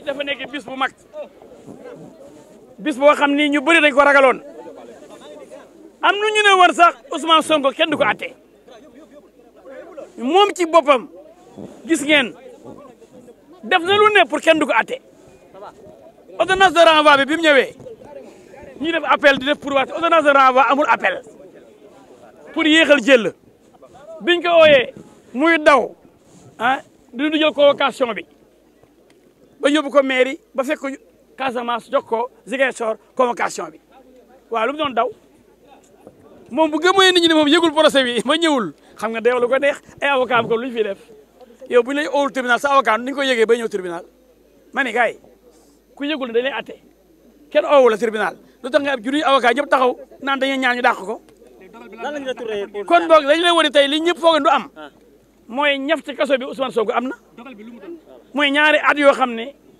tey dafa nekk bis bu mag bis boo xam ni ñu bëri dañ ko ragaloon am nu ñu ne war sax Ousmane Sonko kenn du ko atte moom ci boppam gis ngeen def na lu ne pour kenn du ko atte ordonnance de renvoi bi bi mu ñëwee ñuy def appel di def pour waat ordonnance de renvoi amul appel pour yéexal jël biñ ko ooyee muy daw ah du jël convocation bi ba yóbbu ko mairie ba fekk Casamance jox ko Ziguinchor convocation bi waaw lu daw moom bu gëmee nit ñi ne moom yëgul procès bi ma ñëwul xam nga deewlu ko ne ay avocat ko lu ñu fi def bu ñu lay oowul tribunal sa avocat ni ko yëgee ba ñëw tribunal ma ne gars ku yëgul ne dañ lay atte kenn oowul la tribunal lu tax nga ab juróomi avocat ñëpp taxaw naan dañuy ñaan ñu dàq ko. kon boog dañu lay wone tey li ñëpp foog du am ah. mooy ñaf ci bi Ousmane Sonko am na mooy ñaari at yoo xam ne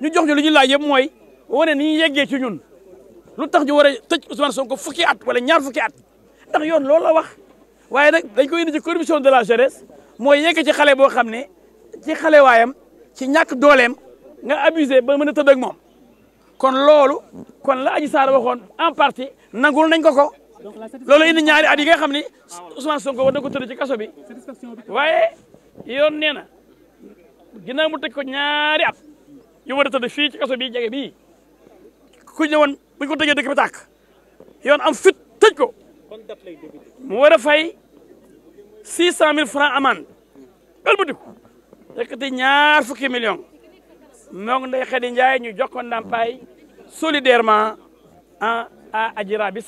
ñu jox ñu li ñu laaj yëpp mooy wane ni ñu yeggee ci ñun lu tax ñu war a tëj Ousmane Sonko fukki at wala ñaar fukki at ndax yoon loolu la wax waaye nag dañ ko indi ci corruption de la jeunesse mooy yegg ci xale boo xam ne ci xale waayam ci ñàkk doolem nga abise ba mën a tëdd ak moom kon loolu kon la Adji Sarr waxoon en partie nangul nañ ko ko loolu indi ñaari at yi nga xam ne Ousmane Sonko war na ko tëdd ci kaso bi waaye yoon nee na ginnaaw mu tëj ko ñaari at ñu war to tëdd fii ci kaso bii jege bii ku ñëwoon buñ ko tëjee dëkk bi tàkk yoon am fit tëj ko mu war a fay six cent mille francs amende ëlbatiku yëkkati ñaar fukki million moom Ndeye Khady Ndiaye ñu jox ko ndàmpaay solidairement à à Adji Raby